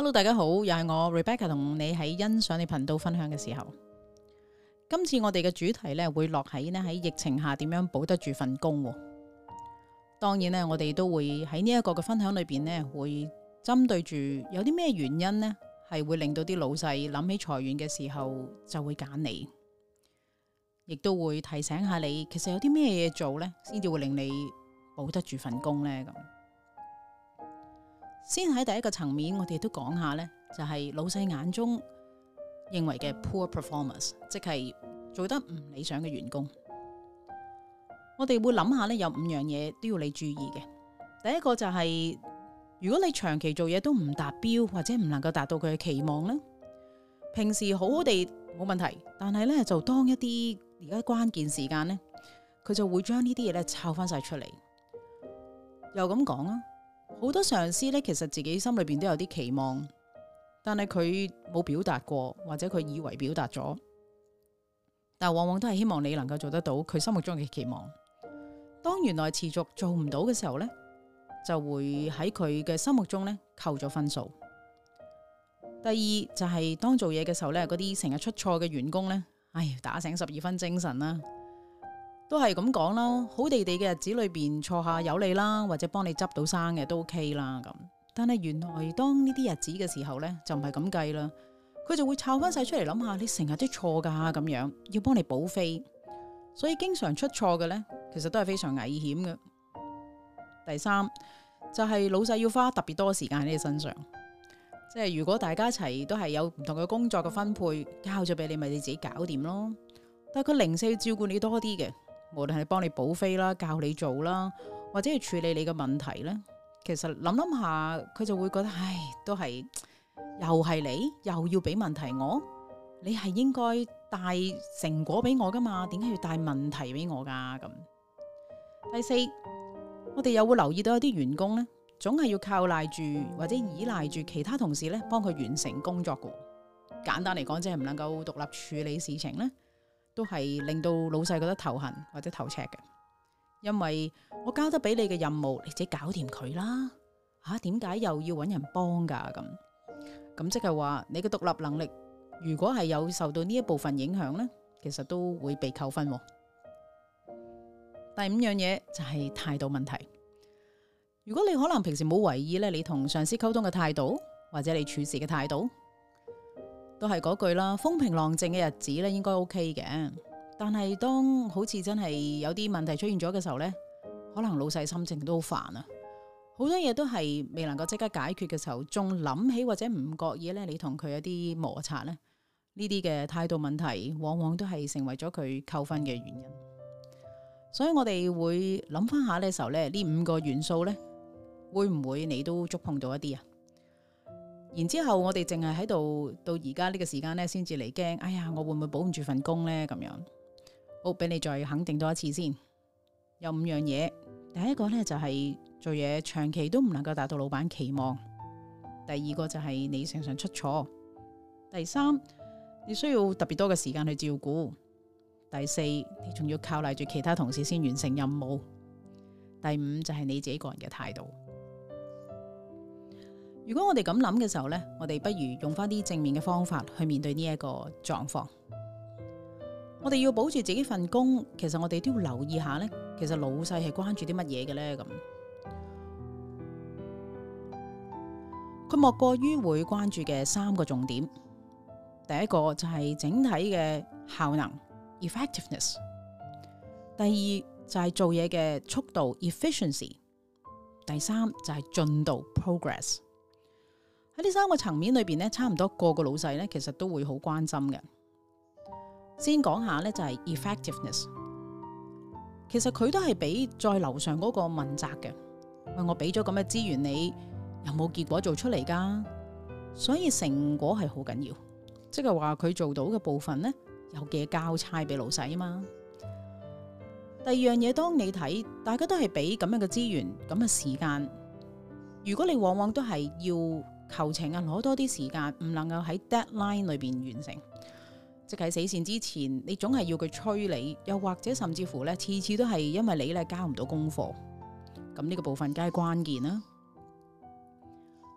Hello，大家好，又係我 Rebecca 同你喺欣賞你頻道分享嘅時候，今次我哋嘅主題咧會落喺咧喺疫情下點樣保得住份工。當然咧，我哋都會喺呢一個嘅分享裏邊咧，會針對住有啲咩原因呢，係會令到啲老細諗起裁員嘅時候就會揀你，亦都會提醒下你，其實有啲咩嘢做咧，先至會令你保得住份工咧咁。先喺第一個層面，我哋都講下咧，就係老細眼中認為嘅 poor performance，即係做得唔理想嘅員工。我哋會諗下咧，有五樣嘢都要你注意嘅。第一個就係，如果你長期做嘢都唔達標，或者唔能夠達到佢嘅期望咧，平時好好地冇問題，但係咧就當一啲而家關鍵時間咧，佢就會將呢啲嘢咧抄翻晒出嚟，又咁講啊！好多上司咧，其實自己心裏邊都有啲期望，但係佢冇表達過，或者佢以為表達咗，但往往都係希望你能夠做得到佢心目中嘅期望。當原來持續做唔到嘅時候咧，就會喺佢嘅心目中咧扣咗分數。第二就係、是、當做嘢嘅時候咧，嗰啲成日出錯嘅員工咧，唉，打醒十二分精神啦。都係咁講啦，好地地嘅日子裏邊坐下有你啦，或者幫你執到生嘅都 OK 啦咁。但係原來當呢啲日子嘅時候呢，就唔係咁計啦。佢就會抄翻晒出嚟諗下，你成日都錯噶咁樣，要幫你補飛，所以經常出錯嘅呢，其實都係非常危險嘅。第三就係、是、老細要花特別多時間喺你身上，即係如果大家一齊都係有唔同嘅工作嘅分配，交咗俾你，咪你自己搞掂咯。但係佢零舍要照顧你多啲嘅。無論係幫你補飛啦、教你做啦，或者係處理你嘅問題咧，其實諗諗下，佢就會覺得，唉，都係又係你，又要俾問題我，你係應該帶成果俾我噶嘛？點解要帶問題俾我噶？咁第四，我哋又會留意到一啲員工咧，總係要靠賴住或者依賴住其他同事咧，幫佢完成工作噶。簡單嚟講，即係唔能夠獨立處理事情咧。都係令到老細覺得頭痕或者頭赤嘅，因為我交得俾你嘅任務，你自己搞掂佢啦。吓、啊，點解又要揾人幫噶？咁咁即係話你嘅獨立能力，如果係有受到呢一部分影響呢，其實都會被扣分。第五樣嘢就係、是、態度問題。如果你可能平時冇為意咧，你同上司溝通嘅態度，或者你處事嘅態度。都係嗰句啦，風平浪靜嘅日子咧，應該 O K 嘅，但係當好似真係有啲問題出現咗嘅時候咧，可能老細心情都都好煩啊，好多嘢都係未能夠即刻解決嘅時候，仲諗起或者唔覺意咧，你同佢一啲摩擦咧，呢啲嘅態度問題，往往都係成為咗佢扣分嘅原因。所以我哋會諗翻下呢時候咧，呢五個元素咧，會唔會你都觸碰到一啲啊？然之後我在，我哋淨係喺度到而家呢個時間呢，先至嚟驚。哎呀，我會唔會保唔住份工呢？咁樣，好俾你再肯定多一次先。有五樣嘢，第一個呢，就係，就係做嘢長期都唔能夠達到老闆期望；第二個就係你常常出錯；第三，你需要特別多嘅時間去照顧；第四，你仲要靠賴住其他同事先完成任務；第五就係你自己個人嘅態度。如果我哋咁諗嘅時候呢，我哋不如用翻啲正面嘅方法去面對呢一個狀況。我哋要保住自己份工，其實我哋都要留意下呢。其實老細係關注啲乜嘢嘅呢？咁。佢莫過於會關注嘅三個重點，第一個就係整體嘅效能 （effectiveness），第二就係做嘢嘅速度 （efficiency），第三就係進度 （progress）。呢三個層面裏邊咧，差唔多個個老細咧，其實都會好關心嘅。先講下咧，就係 effectiveness，其實佢都係俾在樓上嗰個問責嘅。喂，我俾咗咁嘅資源，你有冇結果做出嚟噶？所以成果係好緊要，即係話佢做到嘅部分咧，有幾嘢交差俾老細啊嘛。第二樣嘢，當你睇大家都係俾咁樣嘅資源，咁嘅時間，如果你往往都係要。求情啊，攞多啲時間，唔能夠喺 deadline 裏邊完成，即係死線之前，你總係要佢催你，又或者甚至乎咧，次次都係因為你咧交唔到功課，咁呢個部分梗係關鍵啦。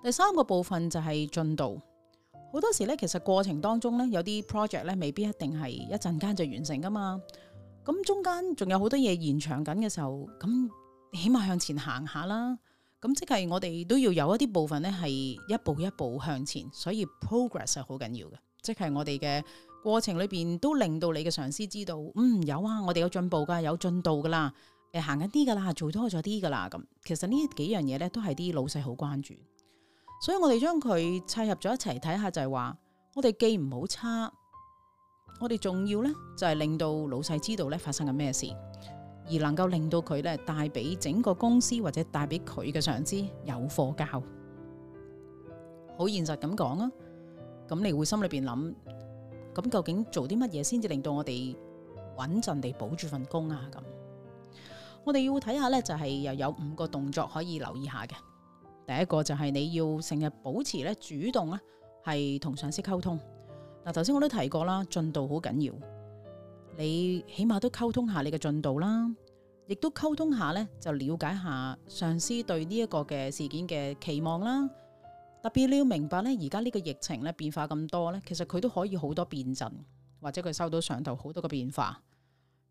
第三個部分就係進度，好多時咧，其實過程當中咧，有啲 project 咧，未必一定係一陣間就完成噶嘛，咁中間仲有好多嘢延長緊嘅時候，咁起碼向前行下啦。咁即係我哋都要有一啲部分咧，係一步一步向前，所以 progress 係好緊要嘅。即係我哋嘅過程裏邊，都令到你嘅上司知道，嗯，有啊，我哋有進步噶，有進度噶啦，誒、呃，行緊啲噶啦，做多咗啲噶啦。咁其實呢幾樣嘢咧，都係啲老細好關注。所以我哋將佢砌合咗一齊睇下，就係、是、話我哋既唔好差，我哋仲要咧就係、是、令到老細知道咧發生緊咩事。而能夠令到佢咧帶俾整個公司或者帶俾佢嘅上司有課交，好現實咁講啊！咁你會心裏邊諗，咁究竟做啲乜嘢先至令到我哋穩陣地保住份工啊？咁我哋要睇下呢，就係又有五個動作可以留意下嘅。第一個就係你要成日保持咧主動啦，係同上司溝通。嗱頭先我都提過啦，進度好緊要。你起碼都溝通下你嘅進度啦，亦都溝通下咧，就了解下上司對呢一個嘅事件嘅期望啦。特別你要明白咧，而家呢個疫情咧變化咁多咧，其實佢都可以好多變陣，或者佢收到上頭好多個變化。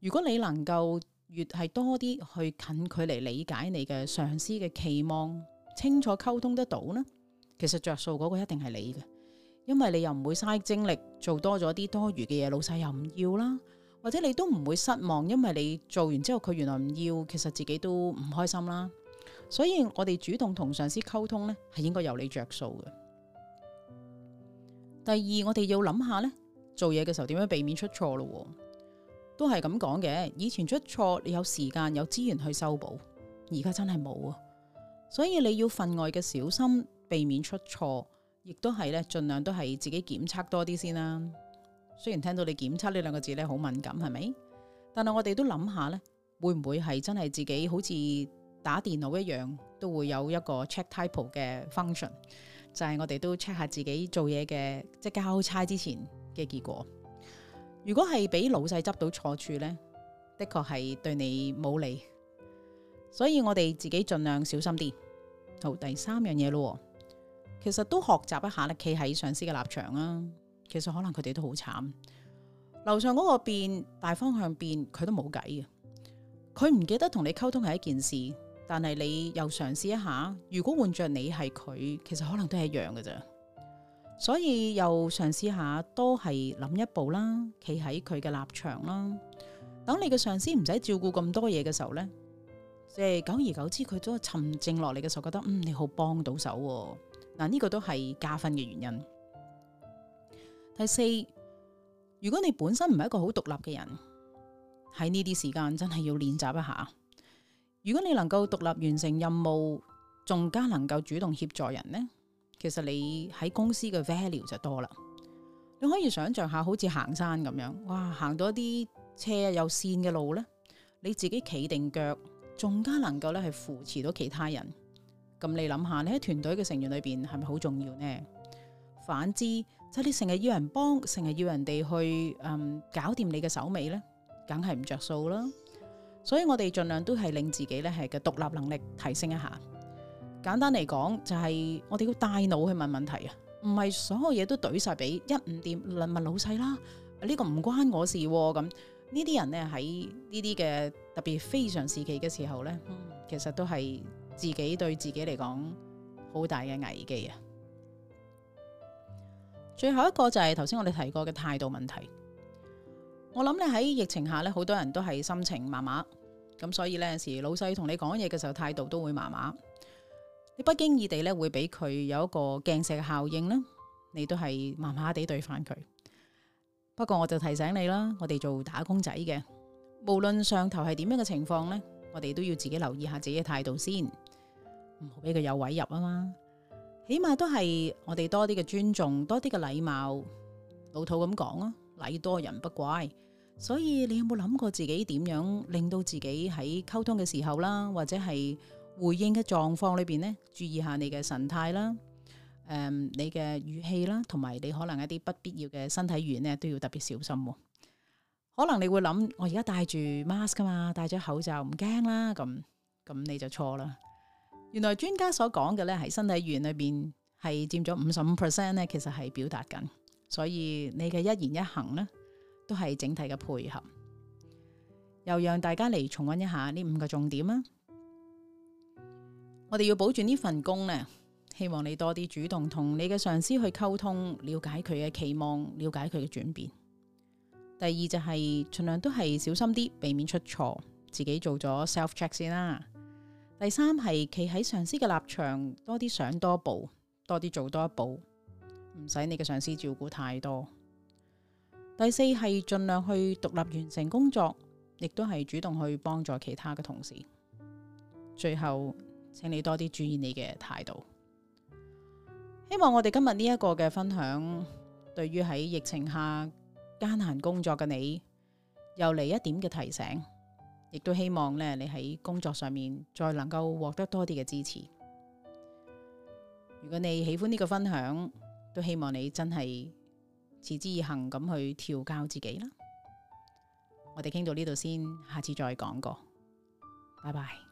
如果你能夠越係多啲去近距離理解你嘅上司嘅期望，清楚溝通得到咧，其實着數嗰個一定係你嘅，因為你又唔會嘥精力做多咗啲多餘嘅嘢，老細又唔要啦。或者你都唔會失望，因為你做完之後佢原來唔要，其實自己都唔開心啦。所以我哋主動同上司溝通咧，係應該由你着數嘅。第二，我哋要諗下咧，做嘢嘅時候點樣避免出錯咯？都係咁講嘅。以前出錯，你有時間有資源去修補，而家真係冇啊。所以你要份外嘅小心，避免出錯，亦都係咧，盡量都係自己檢測多啲先啦。雖然聽到你檢測呢兩個字咧，好敏感，係咪？但係我哋都諗下咧，會唔會係真係自己好似打電腦一樣，都會有一個 check typo 嘅 function，就係我哋都 check 下自己做嘢嘅，即係交差之前嘅結果。如果係俾老細執到錯處咧，的確係對你冇利，所以我哋自己盡量小心啲。好，第三樣嘢咯，其實都學習一下咧，企喺上司嘅立場啊。其實可能佢哋都好慘，樓上嗰個變大方向變，佢都冇計嘅。佢唔記得同你溝通係一件事，但係你又嘗試一下，如果換着你係佢，其實可能都係一樣嘅咋。所以又嘗試下，都係諗一步啦，企喺佢嘅立場啦。等你嘅上司唔使照顧咁多嘢嘅時候呢，即係久而久之，佢都係沉靜落嚟嘅時候，覺得嗯，你好幫到手喎，嗱，呢個都係加分嘅原因。第四，如果你本身唔係一個好獨立嘅人，喺呢啲時間真係要練習一下。如果你能夠獨立完成任務，仲加能夠主動協助人呢，其實你喺公司嘅 value 就多啦。你可以想象下，好似行山咁樣，哇，行到一啲斜有綫嘅路呢，你自己企定腳，仲加能夠咧係扶持到其他人。咁你諗下，你喺團隊嘅成員裏面係咪好重要呢？反之。即、就、係、是、你成日要人幫，成日要人哋去嗯搞掂你嘅手尾咧，梗係唔着數啦。所以我哋盡量都係令自己咧係嘅獨立能力提升一下。簡單嚟講，就係、是、我哋要大腦去問問題不是、就是、啊，唔係所有嘢都懟晒俾一五點問問老細啦。呢個唔關我事咁、啊，這些呢啲人咧喺呢啲嘅特別非常時期嘅時候咧、嗯，其實都係自己對自己嚟講好大嘅危機啊。最後一個就係頭先我哋提過嘅態度問題。我諗咧喺疫情下咧，好多人都係心情麻麻，咁所以咧有時老細同你講嘢嘅時候態度都會麻麻。你不經意地咧會俾佢有一個鏡射效應咧，你都係麻麻地對翻佢。不過我就提醒你啦，我哋做打工仔嘅，無論上頭係點樣嘅情況咧，我哋都要自己留意下自己嘅態度先，唔好俾佢有位入啊嘛。起碼都係我哋多啲嘅尊重，多啲嘅禮貌，老土咁講啊，禮多人不怪。所以你有冇諗過自己點樣令到自己喺溝通嘅時候啦，或者係回應嘅狀況裏邊呢？注意下你嘅神態啦，誒、呃，你嘅語氣啦，同埋你可能一啲不必要嘅身體語言咧，都要特別小心。可能你會諗，我而家戴住 mask 噶嘛，戴咗口罩唔驚啦，咁咁你就錯啦。原來專家所講嘅咧，係身體語言裏邊係佔咗五十五 percent 咧，其實係表達緊，所以你嘅一言一行咧，都係整體嘅配合。又讓大家嚟重溫一下呢五個重點啦。我哋要保住呢份工咧，希望你多啲主動同你嘅上司去溝通，了解佢嘅期望，了解佢嘅轉變。第二就係盡量都係小心啲，避免出錯，自己做咗 self check 先啦。第三係企喺上司嘅立場，多啲想多一步，多啲做多一步，唔使你嘅上司照顧太多。第四係盡量去獨立完成工作，亦都係主動去幫助其他嘅同事。最後，請你多啲注意你嘅態度。希望我哋今日呢一個嘅分享，對於喺疫情下艱難工作嘅你，又嚟一點嘅提醒。亦都希望你喺工作上面再能夠獲得多啲嘅支持。如果你喜歡呢個分享，都希望你真係持之以恒咁去調教自己啦。我哋傾到呢度先，下次再講過。拜拜。